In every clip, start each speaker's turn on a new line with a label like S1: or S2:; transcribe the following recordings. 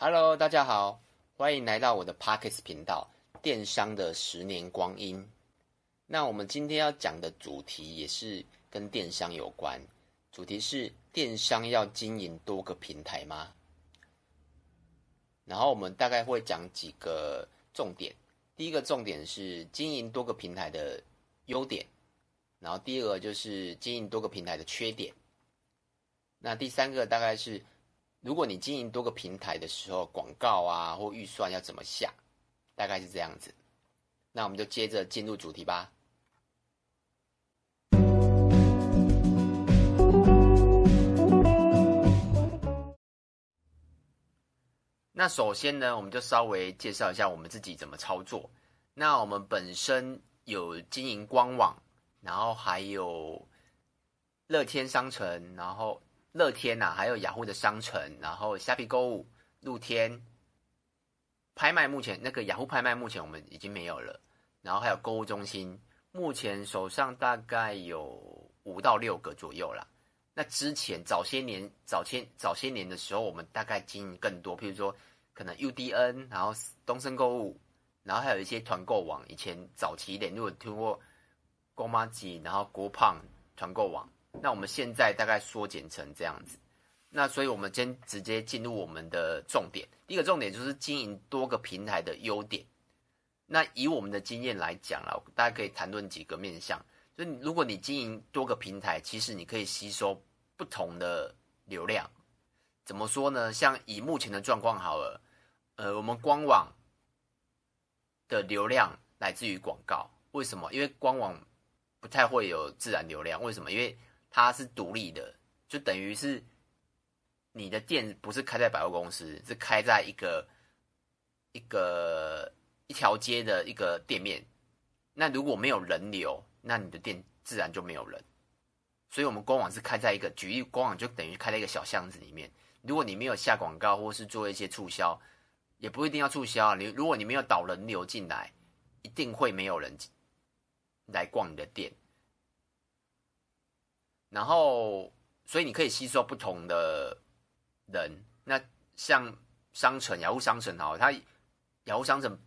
S1: 哈嘍，Hello, 大家好，歡迎來到我的 Podcast 頻道——電商的十年光陰。那我們今天要講的主題也是跟電商有關，主題是電商要經營多個平台嗎？然後我們大概會講幾個重點。第一個重點是經營多個平台的優點，然後第二個就是經營多個平台的缺點。那第三個大概是。如果你經營多個平台的時候，廣告啊，或預算要怎麼下，大概是這樣子。那我們就接着進入主題吧。那首先呢，我們就稍微介紹一下我們自己怎麼操作。那我們本身有經營官網，然後還有樂天商城，然後。樂天吶、啊，還有雅虎、ah、的商城，然後蝦皮購物、露天拍賣，目前那個雅虎、ah、拍賣目前我們已經沒有了，然後還有購物中心，目前手上大概有五到六個左右啦。那之前早些年、早些早些年的時候，我們大概經營更多，譬如說可能 UDN，然後東森購物，然後還有一些團購網。以前早期一點，如果聽過 GOMAJI，然後國胖團購網。那我們現在大概縮減成這樣子，那所以，我們先直接進入我們的重點。第一個重點就是經營多個平台的優點。那以我們的經驗來講啊，大家可以談論幾個面向。就以，如果你經營多個平台，其實你可以吸收不同的流量。怎麼說呢？像以目前的狀況好了，呃，我們官網的流量來自於廣告。為什麼？因為官網不太會有自然流量。為什麼？因為它是獨立的，就等於是你的店不是開在百貨公司，是開在一個一個一條街的一個店面。那如果沒有人流，那你的店自然就沒有人。所以，我們官網是開在一個，舉例官網就等於開在一個小巷子裡面。如果你沒有下廣告，或是做一些促銷，也不一定要促銷啊。你如果你沒有導人流進來，一定會沒有人來逛你的店。然後，所以你可以吸收不同的人。那像商城、雅虎商城哦，它雅虎商城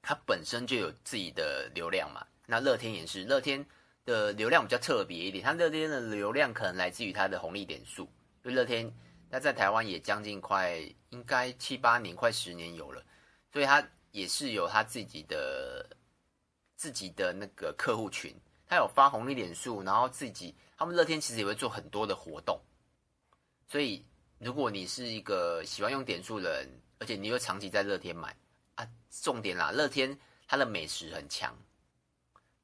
S1: 它本身就有自己的流量嘛。那樂天也是，樂天的流量比較特別一點。它樂天的流量可能來自於它的紅利點數，因為樂天那在台灣也將近快應該七八年、快十年有了，所以它也是有它自己的自己的那個客戶群。它有發紅利點數，然後自己。他們樂天其實也會做很多的活動，所以如果你是一個喜歡用點數的人，而且你又長期在樂天買啊，重點啦，樂天它的美食很強，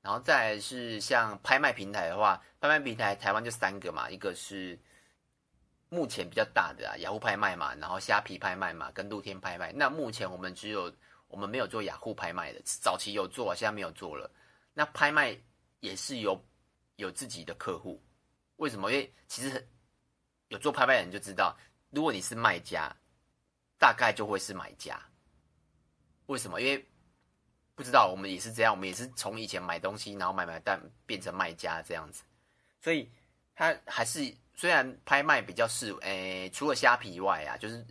S1: 然後再來是像拍賣平台的話，拍賣平台台灣就三個嘛，一個是目前比較大的啊，雅虎拍賣嘛，然後蝦皮拍賣嘛，跟露天拍賣。那目前我們只有我們沒有做雅虎拍賣的，早期有做，現在沒有做了。那拍賣也是有。有自己的客戶，為什麼？因為其實有做拍賣的人就知道，如果你是賣家，大概就會是買家。為什麼？因為不知道，我們也是這樣，我們也是從以前買東西，然後買買單變成賣家這樣子。所以他還是雖然拍賣比較是，誒、欸，除了蝦皮以外啊，就是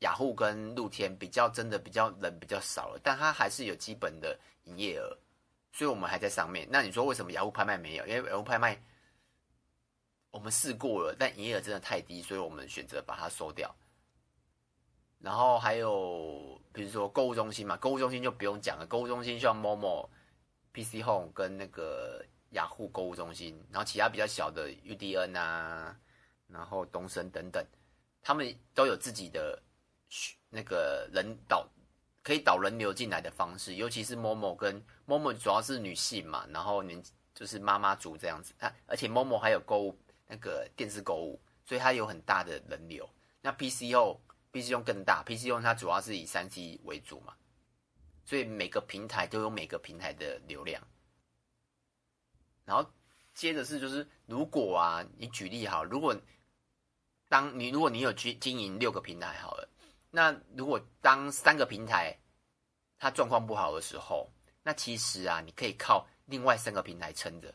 S1: 雅虎、ah、跟露天比較真的比較人比較少了，但他還是有基本的營業額。所以，我們還在上面。那你說為什麼雅虎拍賣沒有？因為雅虎拍賣我們試過了，但營業額真的太低，所以我們選擇把它收掉。然後還有，比如說購物中心嘛，購物中心就不用講了。購物中心像 MOMO、PC Home 跟那個雅虎購物中心，然後其他比較小的 UDN 啊，然後東森等等，他們都有自己的那個人導可以導人流進來的方式，尤其是 Momo 跟 Momo 主要是女性嘛，然後你就是媽媽族這樣子。它、啊、而且 Momo 還有購物那個電視購物，所以它有很大的人流。那 PC 後 PC 用更大，PC 用它主要是以三 g 為主嘛，所以每個平台都有每個平台的流量。然後接着是就是如果啊，你舉例好，如果當你如果你有經經營六個平台好了。那如果當三個平台它狀況不好的時候，那其實啊，你可以靠另外三個平台撐着，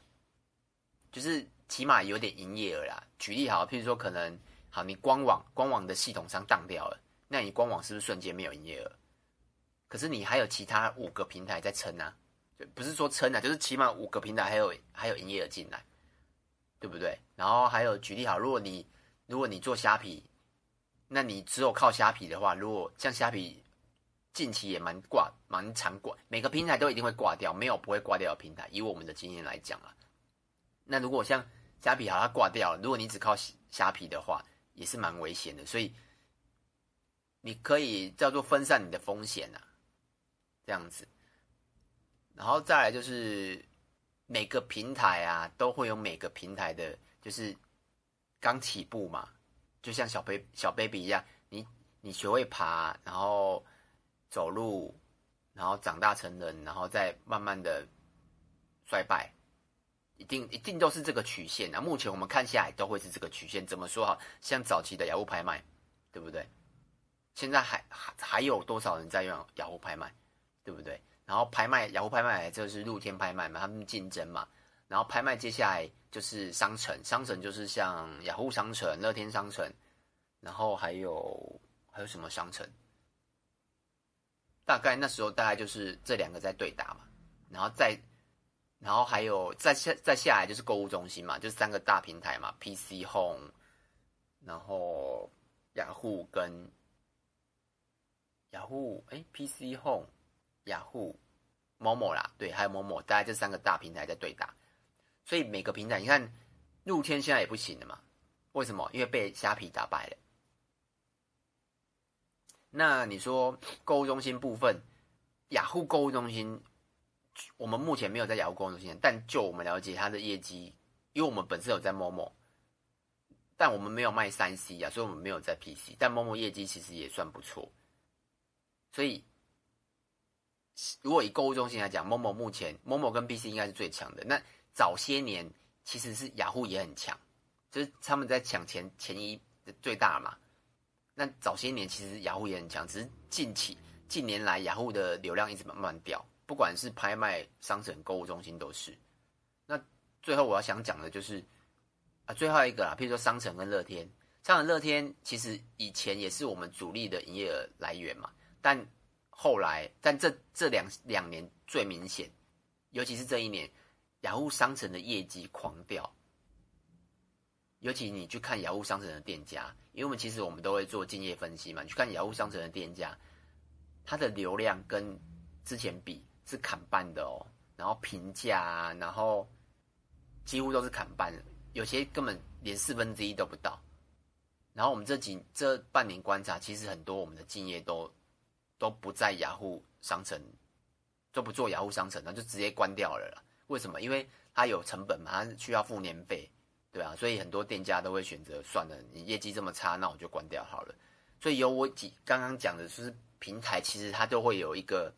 S1: 就是起碼有點營業額啦。舉例好，譬如說可能好，你官網官網的系統商當掉了，那你官網是不是瞬間沒有營業額？可是你還有其他五個平台在撐啊，就不是說撐啊，就是起碼五個平台還有還有營業額進來，對不對？然後還有舉例好，如果你如果你做蝦皮。那你只有靠蝦皮的話，如果像蝦皮近期也蠻掛、蠻常掛，每個平台都一定會掛掉，沒有不會掛掉的平台，以我們的經驗來講啊。那如果像蝦皮好像掛掉了，如果你只靠蝦皮的話，也是蠻危險的。所以你可以叫做分散你的風險啊，這樣子。然後再來就是每個平台啊都會有每個平台的，就是剛起步嘛。就像小 baby, 小 baby 一樣，你你學會爬，然後走路，然後長大成人，然後再慢慢的衰敗，一定一定都是這個曲線啊。目前我們看下來都會是這個曲線。怎麼說？哈，像早期的雅虎拍賣，對不對？現在還還還有多少人在用雅虎拍賣，對不對？然後拍賣雅虎拍賣就是露天拍賣嘛，他們競爭嘛。然後拍賣接下來就是商城，商城就是像雅虎、ah、商城、樂天商城，然後還有還有什麼商城？大概那時候大概就是這兩個在對打嘛。然後再然後還有再下再下來就是購物中心嘛，就三個大平台嘛，PC Home，然後雅虎、ah、跟雅虎哎，PC Home，雅虎、Momo 啦，對，還有 Momo，大概這三個大平台在對打。所以每個平台，你看，露天現在也不行了嘛。為什麼？因為被蝦皮打敗了。那你說購物中心部分，雅虎購物中心，我們目前沒有在雅虎購物中心，但就我們了解，它的業績，因為我們本身有在 MOMO，但我們沒有賣三 C 啊，所以我們沒有在 PC，但 MOMO 業績其實也算不錯。所以，如果以購物中心來講，MOMO 目前，MOMO 跟 PC 應該是最強的。那早些年其實是雅虎、ah、也很強，就是他們在搶前前一的最大嘛。那早些年其實雅虎、ah、也很強，只是近期近年來雅虎、ah、的流量一直慢慢掉，不管是拍賣、商城、購物中心都是。那最後我要想講的就是啊，最後一個啦，譬如說商城跟樂天，商城樂天其實以前也是我們主力的營業額來源嘛，但後來但這這兩兩年最明顯，尤其是這一年。雅虎商城的業績狂掉，尤其你去看雅虎商城的店家，因為我們其實我們都會做競業分析嘛，你去看雅虎商城的店家，它的流量跟之前比是砍半的哦，然後評價啊，然後幾乎都是砍半的，有些根本連四分之一都不到。然後我們這幾這半年觀察，其實很多我們的競業都都不在雅虎商城，都不做雅虎商城，那就直接關掉了啦。為什麼？因為它有成本嘛，它需要付年費，對啊，所以很多店家都會選擇算了，你業績這麼差，那我就關掉好了。所以有我幾剛剛講的就是平台，其實它都會有一個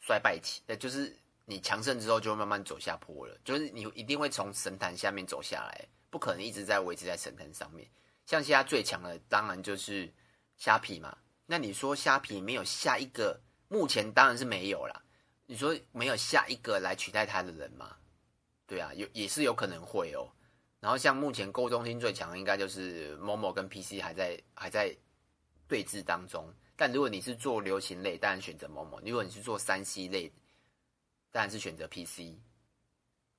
S1: 衰敗期，那就是你強盛之後就會慢慢走下坡了，就是你一定會從神壇下面走下來，不可能一直在維持在神壇上面。像現在最強的當然就是蝦皮嘛，那你說蝦皮沒有下一個？目前當然是沒有啦。你說沒有下一個來取代他的人嗎？對啊，有也是有可能會哦。然後像目前購物中心最強應該就是 momo 跟 PC 還在還在對峙當中。但如果你是做流行類，當然選擇 momo；如果你是做三 C 類，當然是選擇 PC，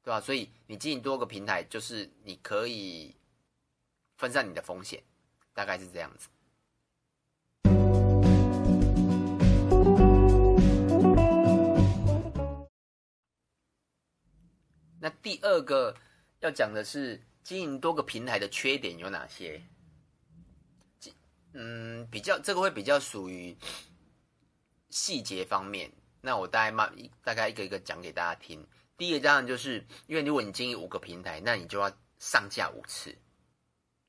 S1: 對啊，所以你經營多個平台，就是你可以分散你的風險，大概是這樣子。第二個要講的是經營多個平台的缺點有哪些？嗯，比較這個會比較屬於細節方面。那我大概慢，大概一個一個講給大家聽。第一個當然就是因為如果你經營五個平台，那你就要上架五次。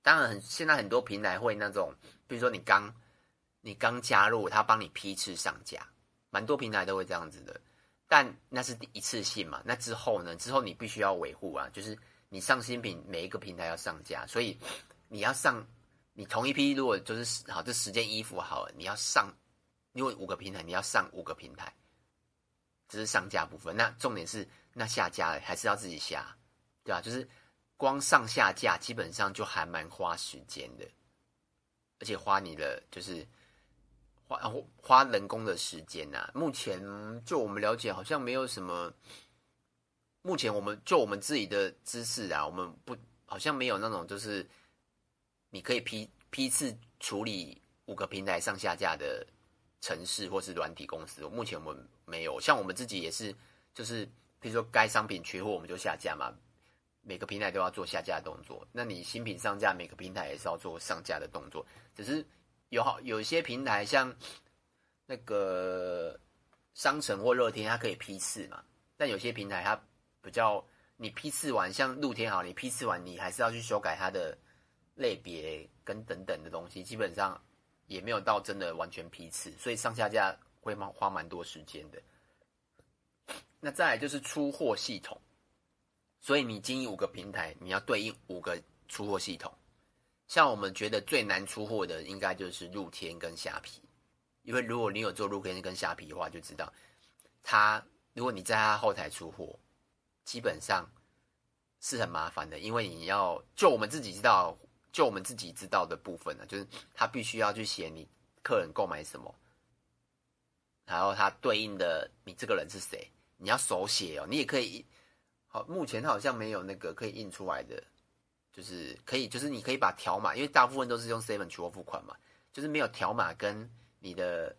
S1: 當然很，現在很多平台會那種，比如說你剛，你剛加入，他幫你批次上架，蠻多平台都會這樣子的。但那是第一次性嘛？那之後呢？之後你必須要維護啊，就是你上新品每一個平台要上架，所以你要上你同一批，如果就是好，這十件衣服好了，你要上，因為五個平台你要上五個平台，這是上架部分。那重點是，那下架了還是要自己下，對吧、啊？就是光上下架基本上就還蠻花時間的，而且花你的就是。花花人工的時間吶、啊，目前就我們了解，好像沒有什麼。目前我們就我們自己的知識啊，我們不好像沒有那種就是，你可以批批次處理五個平台上下架的程式或是軟體公司。目前我們沒有，像我們自己也是，就是比如說該商品缺貨，我們就下架嘛。每個平台都要做下架的動作，那你新品上架，每個平台也是要做上架的動作，只是。有好，有些平台像那個商城或樂天，它可以批次嘛。但有些平台它比較，你批次完，像露天好，你批次完，你還是要去修改它的類別跟等等的東西，基本上也沒有到真的完全批次，所以上下架會蠻花蠻多時間的。那再來就是出貨系統，所以你經營五個平台，你要對應五個出貨系統。像我們覺得最難出貨的，應該就是露天跟蝦皮，因為如果你有做露天跟蝦皮的話，就知道，他如果你在他後臺出貨，基本上是很麻煩的，因為你要就我們自己知道，就我們自己知道的部分呢，就是他必須要去寫你客人購買什麼，然後他對應的你這個人是誰，你要手寫哦，你也可以，好，目前好像沒有那個可以印出來的。就是可以，就是你可以把條碼，因為大部分都是用 Seven 取貨付款嘛，就是沒有條碼跟你的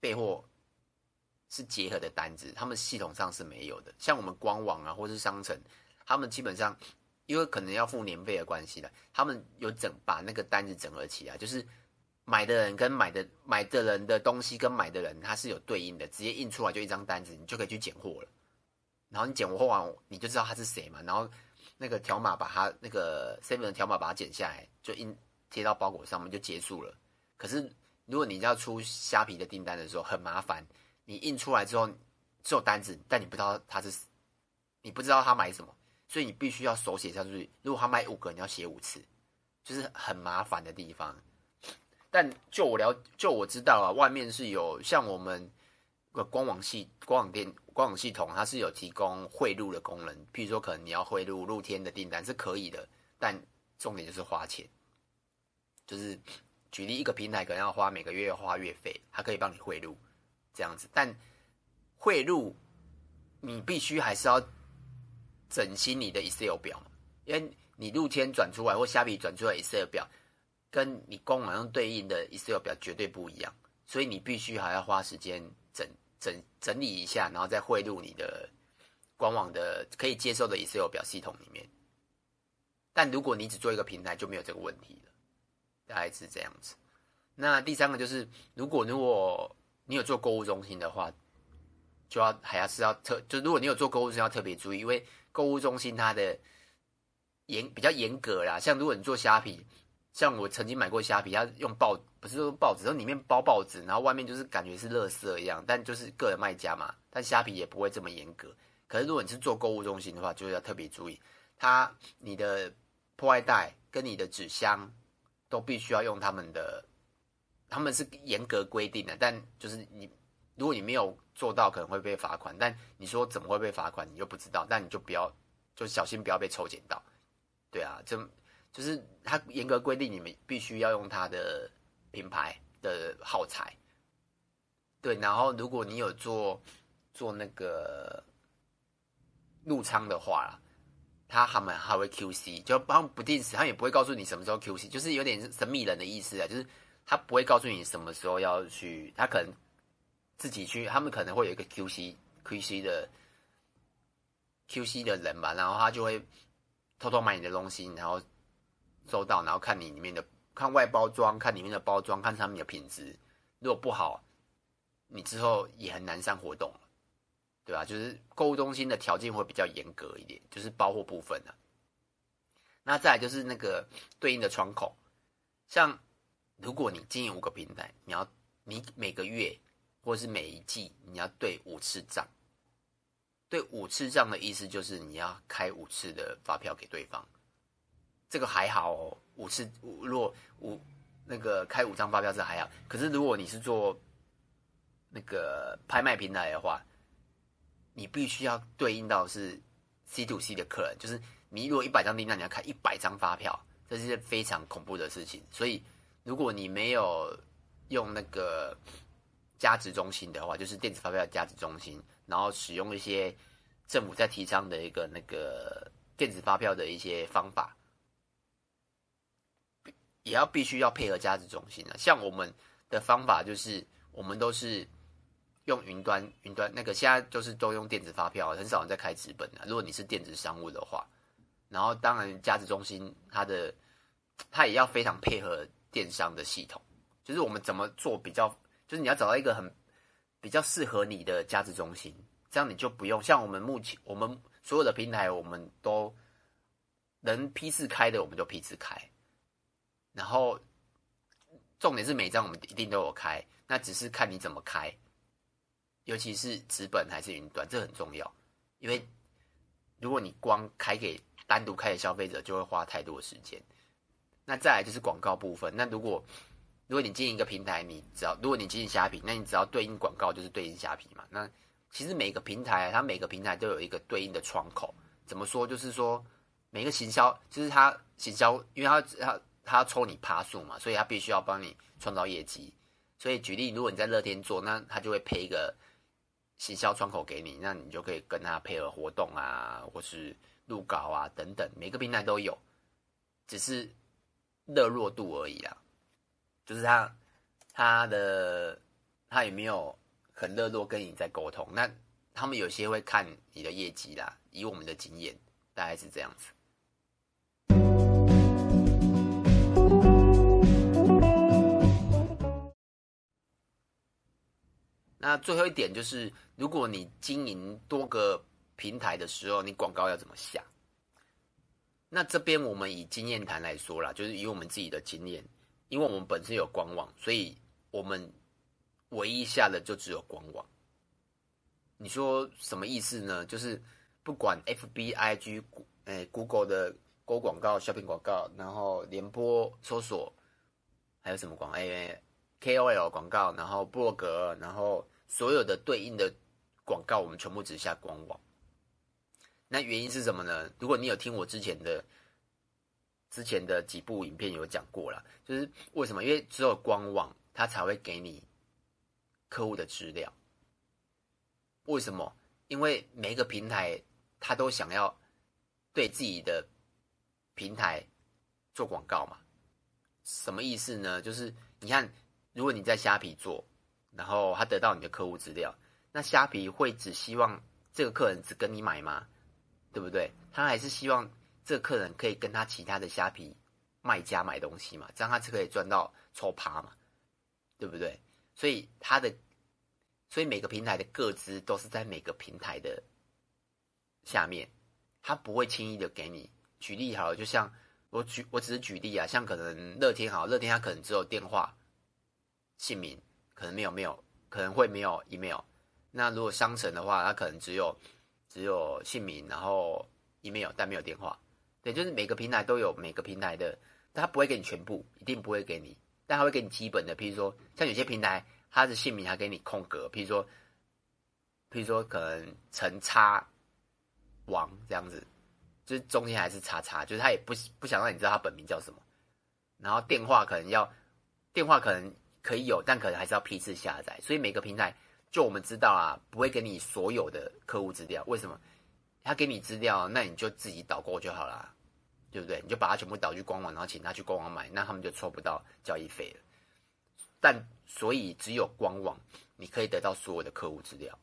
S1: 備貨是結合的單子，他們系統上是沒有的。像我們官網啊，或是商城，他們基本上因為可能要付年費的關係了，他們有整把那個單子整合起來，就是買的人跟買的買的人的東西跟買的人他是有對應的，直接印出來就一張單子，你就可以去揀貨了。然後你揀貨完，你就知道他是誰嘛，然後。那個條碼，把它那個 seven 的條碼把它剪下來，就印貼到包裹上面就結束了。可是如果你要出蝦皮的訂單的時候，很麻煩。你印出來之後，只有單子，但你不知道他是，你不知道他買什麼，所以你必須要手寫上去。如果他買五個，你要寫五次，就是很麻煩的地方。但就我了，就我知道啊，外面是有像我們。個官網系官網店官網系統，它是有提供匯入的功能。譬如說，可能你要匯入露天的訂單是可以的，但重點就是花錢。就是舉例一個平台可能要花每個月花月費，它可以幫你匯入這樣子。但匯入你必須還是要整新你的 Excel 表，因為你露天轉出來或蝦皮轉出來 Excel 表，跟你官網上對應的 Excel 表絕對不一樣，所以你必須還要花時間整。整整理一下，然後再匯入你的官網的可以接受的 Excel 表系統裡面。但如果你只做一個平台，就沒有這個問題了，大概是這樣子。那第三個就是，如果如果你有做購物中心的話，就要還是要特就如果你有做購物中心要特別注意，因為購物中心它的嚴比較嚴格啦。像如果你做蝦皮。像我曾經買過蝦皮，要用報，不是說報紙，然後裡面包報紙，然後外面就是感覺是垃圾一樣。但就是個人賣家嘛，但蝦皮也不會這麼嚴格。可是如果你是做購物中心的話，就要特別注意，它，你的破壞袋跟你的紙箱都必須要用他們的，他們是嚴格規定的。但就是你如果你沒有做到，可能會被罰款。但你說怎麼會被罰款，你就不知道。但你就不要就小心不要被抽檢到。對啊，這就是他嚴格規定你們必須要用他的品牌的耗材，對，然後如果你有做做那個入倉的話，他還他們還會 QC，就幫不定時，他們也不會告訴你什麼時候 QC，就是有點神秘人的意思啊，就是他不會告訴你什麼時候要去，他可能自己去，他們可能會有一個 QC QC 的 QC 的人吧，然後他就會偷偷買你的東西，然後。收到，然後看你裡面的看外包裝，看裡面的包裝，看上面的品質。如果不好，你之後也很難上活動，對吧？就是購物中心的條件會比較嚴格一點，就是包貨部分的啊。那再來就是那個對應的窗口，像如果你經營五個平台，你要你每個月或者是每一季你要對五次賬，對五次賬的意思就是你要開五次的發票給對方。這個還好、哦，五次，如果五那個開五張發票是還好。可是如果你是做那個拍賣平台的話，你必須要對應到是 C to C 的客人，就是你如果一百張訂單，你要開一百張發票，這是非常恐怖的事情。所以如果你沒有用那個加值中心的話，就是電子發票加值中心，然後使用一些政府在提倡的一個那個電子發票的一些方法。也要必須要配合加值中心啊，像我們的方法就是，我們都是用雲端雲端那個，現在就是都用電子發票，很少人在開紙本啊。如果你是電子商務的話，然後當然加值中心它的它也要非常配合電商的系統，就是我們怎麼做比較，就是你要找到一個很比較適合你的加值中心，這樣你就不用像我們目前我們所有的平台，我們都能批次開的，我們就批次開。然後，重點是每張我們一定都有開，那只是看你怎麼開，尤其是紙本還是雲端，這很重要。因為如果你光開給單獨開給消費者，就會花太多的時間。那再來就是廣告部分。那如果如果你經營一個平台，你只要如果你經營蝦皮，那你只要對應廣告就是對應蝦皮嘛。那其實每個平台，它每個平台都有一個對應的窗口。怎麼說？就是說每個行銷，就是它行銷，因為它它。他要抽你趴數嘛，所以他必須要幫你創造業績。所以舉例，如果你在樂天做，那他就會配一個行銷窗口給你，那你就可以跟他配合活動啊，或是錄稿啊等等，每個平台都有，只是熱絡度而已啦。就是他他的他也沒有很熱絡跟你在溝通。那他們有些會看你的業績啦，以我們的經驗大概是這樣子。那最後一點就是，如果你經營多個平台的時候，你廣告要怎麼下？那這邊我們以經驗談來說啦，就是以我們自己的經驗，因為我們本身有官網，所以我們唯一下的就只有官網。你說什麼意思呢？就是不管 FB、欸、IG、誒 Google 的 Google 廣告、Shopping 廣告，然後聯播搜索，還有什麼廣誒、欸、KOL 廣告，然後部落格，然後。所有的對應的廣告，我們全部只下官網。那原因是什麼呢？如果你有聽我之前的之前的幾部影片，有講過了，就是為什麼？因為只有官網，它才會給你客戶的資料。為什麼？因為每一個平台，它都想要對自己的平台做廣告嘛。什麼意思呢？就是你看，如果你在蝦皮做。然後他得到你的客戶資料，那蝦皮會只希望這個客人只跟你買嗎？對不對？他還是希望這個客人可以跟他其他的蝦皮賣家買東西嘛，這樣他才可以賺到抽趴嘛，對不對？所以他的，所以每個平台的個資都是在每個平台的下面，他不會輕易的給你舉例好了，就像我舉，我只是舉例啊，像可能樂天好，樂天他可能只有電話、姓名。可能沒有，沒有，可能會沒有 email。那如果商城的話，它可能只有只有姓名，然後 email，但沒有電話。對，就是每個平台都有每個平台的，但它不會給你全部，一定不會給你，但它會給你基本的。譬如說，像有些平台，它的姓名還給你空格，譬如說，譬如說，可能陳叉王這樣子，就是中間還是叉叉，就是他也不不想讓你知道他本名叫什麼。然後電話可能要電話可能。可以有，但可能還是要批次下載，所以每個平台就我們知道啊，不會給你所有的客戶資料。為什麼？他給你資料，那你就自己導購就好啦，對不對？你就把它全部導去官網，然後請他去官網買，那他們就抽不到交易費了。但所以只有官網你可以得到所有的客戶資料。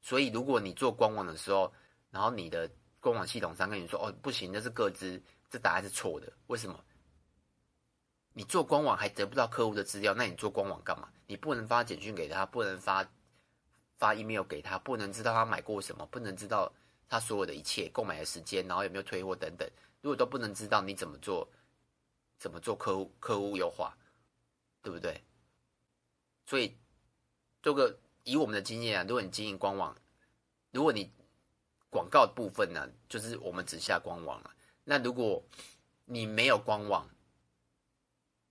S1: 所以如果你做官網的時候，然後你的官網系統上跟你說，哦，不行，那是個資，這答案是錯的，為什麼？你做官網還得不到客戶的資料，那你做官網幹嘛？你不能發簡訊給他，不能發發 email 給他，不能知道他買過什麼，不能知道他所有的一切購買的時間，然後有沒有退貨等等。如果都不能知道，你怎麼做怎麼做客戶客戶優化，對不對？所以這個以我們的經驗啊，如果你經營官網，如果你廣告的部分啊，就是我們只下官網了。那如果你沒有官網，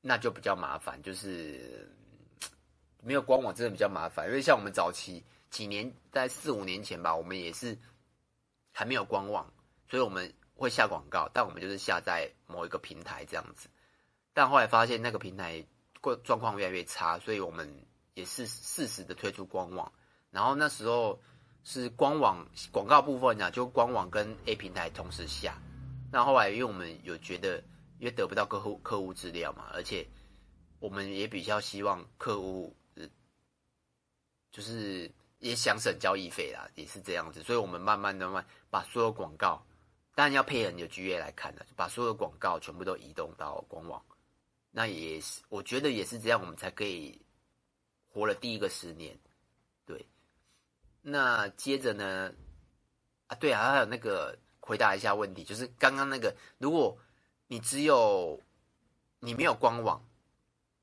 S1: 那就比較麻煩，就是沒有官網真的比較麻煩，因為像我們早期幾年，在四五年前吧，我們也是還沒有官網，所以我們會下廣告，但我們就是下在某一個平台這樣子。但後來發現那個平台狀狀況越來越差，所以我們也是適時的推出官網。然後那時候是官網廣告部分啊，就官網跟 A 平台同時下。那後來因為我們有覺得。因為得不到客戶客戶資料嘛，而且我們也比較希望客戶，呃，就是也想省交易費啦，也是這樣子，所以我們慢慢慢慢把所有廣告，當然要配合你的 GA 來看了，把所有廣告全部都移動到官網，那也是我覺得也是這樣，我們才可以活了第一個十年，對。那接着呢，啊對啊，還有那個回答一下問題，就是剛剛那個如果。你只有你沒有官網，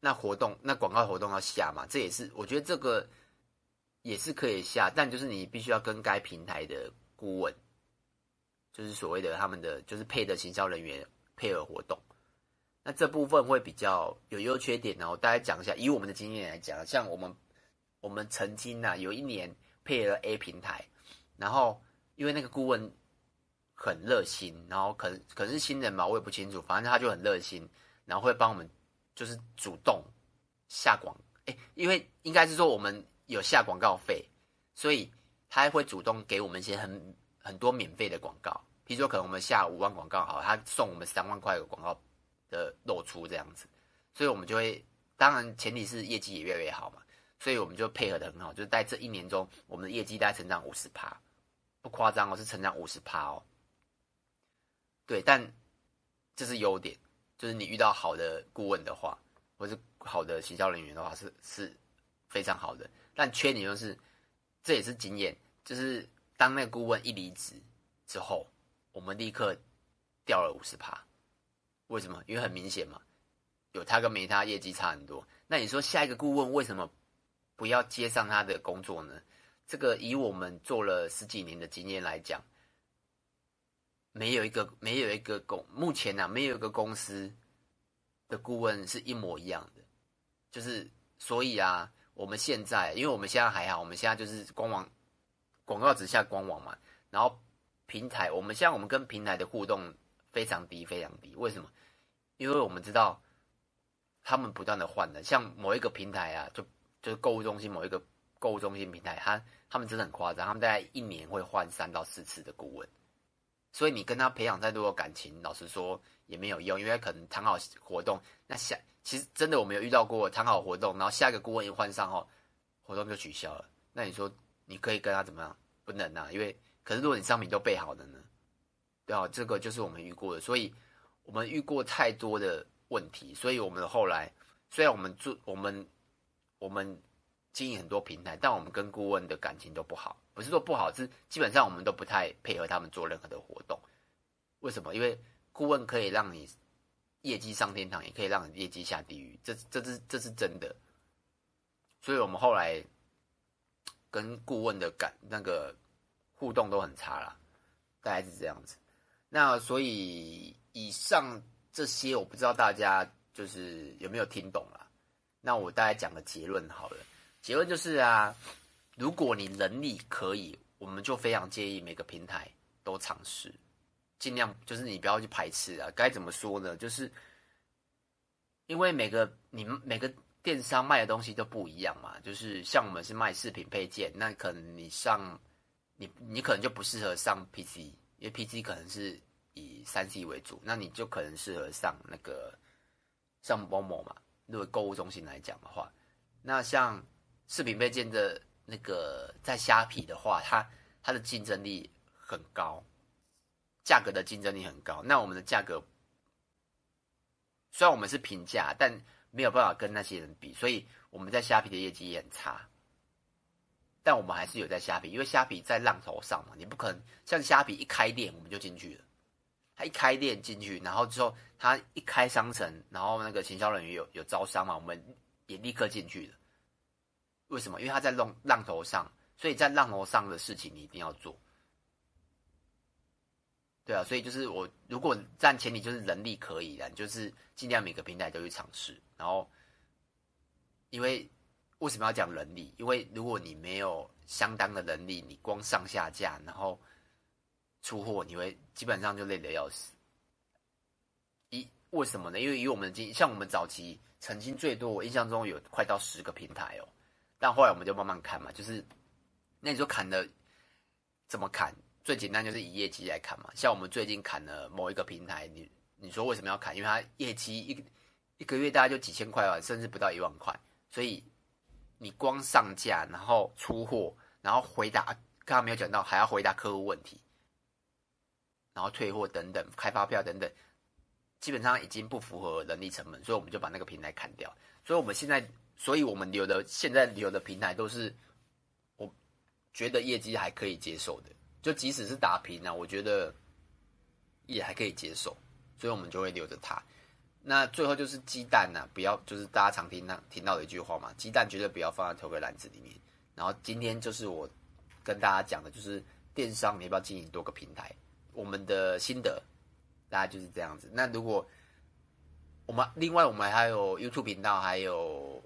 S1: 那活動那廣告活動要下嘛？這也是我覺得這個也是可以下，但就是你必須要跟該平台的顧問，就是所謂的他們的就是配的行銷人員配合活動，那這部分會比較有優缺點呢。我大概講一下，以我們的經驗來講，像我們我們曾經吶、啊，有一年配了 A 平台，然後因為那個顧問。很熱心，然後可能可能是新人嘛，我也不清楚。反正他就很熱心，然後會幫我們，就是主動下廣。哎、欸，因為應該是說我們有下廣告費，所以他還會主動給我們一些很很多免費的廣告。比如說，可能我們下五萬廣告，好，他送我們三萬塊的廣告的露出這樣子。所以我們就會，當然前提是業績也越來越好嘛。所以我們就配合得很好，就是在這一年中，我們的業績大概成長五十趴，不誇張哦，是成長五十趴哦。對，但這是優點，就是你遇到好的顧問的話，或者是好的行銷人員的話是，是是非常好的。但缺點就是，這也是經驗，就是當那個顧問一離職之後，我們立刻掉了五十趴。為什麼？因為很明顯嘛，有他跟沒他業績差很多。那你說下一個顧問為什麼不要接上他的工作呢？這個以我們做了十幾年的經驗來講。沒有一個，沒有一個公，目前呢、啊，沒有一個公司的顧問是一模一樣的，就是所以啊，我們現在，因為我們現在還好，我們現在就是官網廣告只下官網嘛，然後平台，我們現在我們跟平台的互動非常低，非常低。為什麼？因為我們知道他們不斷的換的，像某一個平台啊，就就是購物中心某一個購物中心平台，他他們真的很誇張，他們大概一年會換三到四次的顧問。所以你跟他培養再多的感情，老實說也沒有用，因為他可能談好活動，那下其實真的我沒有遇到過談好活動，然後下一個顧問一換上後，活動就取消了。那你說你可以跟他怎麼樣？不能啊，因為可是如果你商品都備好了呢，對啊，這個就是我們遇過的，所以我們遇過太多的問題，所以我們後來雖然我們做我們我們經營很多平台，但我們跟顧問的感情都不好。不是說不好，是基本上我們都不太配合他們做任何的活動。為什麼？因為顧問可以讓你業績上天堂，也可以讓你業績下地獄。這、這是、這是真的。所以我們後來跟顧問的感那個互動都很差啦，大概是這樣子。那所以以上這些，我不知道大家就是有沒有聽懂啦。那我大概講個結論好了，結論就是啊。如果你能力可以，我們就非常建議每個平台都嘗試，盡量就是你不要去排斥啊。該怎麼說呢？就是因為每個你每個電商賣的東西都不一樣嘛。就是像我們是賣飾品配件，那可能你上你你可能就不適合上 PC，因為 PC 可能是以三 C 為主，那你就可能適合上那個上 Momo 嘛。那個購物中心來講的話，那像飾品配件的。那個在蝦皮的話，它它的競爭力很高，價格的競爭力很高。那我們的價格雖然我們是平價，但沒有辦法跟那些人比，所以我們在蝦皮的業績也很差。但我們還是有在蝦皮，因為蝦皮在浪頭上嘛，你不可能像蝦皮一開店我們就進去了。他一開店進去，然後之後他一開商城，然後那個行銷人員有有招商嘛，我們也立刻進去了。為什麼？因為他在浪浪頭上，所以在浪頭上的事情你一定要做。對啊，所以就是我，如果前提你就是人力可以的，就是盡量每個平台都去嘗試。然後，因為為什麼要講人力？因為如果你沒有相當的人力，你光上下架，然後出貨，你會基本上就累得要死。一為什麼呢？因為以我們的經像我們早期曾經最多，我印象中有快到十個平台哦。但後來我們就慢慢砍嘛，就是，那你說砍的怎麼砍？最簡單就是以業績來砍嘛。像我們最近砍了某一個平台，你你說為什麼要砍？因為它業績一一個月大概就幾千塊吧，甚至不到一萬塊。所以你光上架，然後出貨，然後回答，剛剛沒有講到，還要回答客戶問題，然後退貨等等，開發票等等，基本上已經不符合人力成本，所以我們就把那個平台砍掉。所以我們現在。所以我們留的現在留的平台都是，我，覺得業績還可以接受的，就即使是打平啊，我覺得，也還可以接受，所以我們就會留着它。那最後就是雞蛋呢、啊，不要就是大家常聽到聽到的一句話嘛，雞蛋絕對不要放在同一個籃子裡面。然後今天就是我跟大家講的，就是電商你要不要經營多個平台，我們的心得，大家就是這樣子。那如果我們另外我們還有 YouTube 頻道，還有。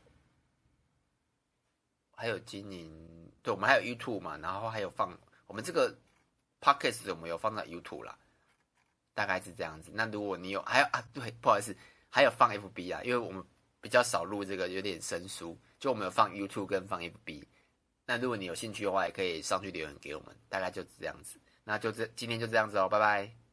S1: 還有今年，對我們還有 YouTube 嘛，然後還有放我們這個 Podcast，我們有放到 YouTube 啦，大概是這樣子。那如果你有，還有啊，對，不好意思，還有放 FB 啊，因為我們比較少錄這個，有點生疏，就我們有放 YouTube 跟放 FB。那如果你有興趣的話，也可以上去留言給我們，大概就是這樣子。那就這，今天就這樣子哦，拜拜。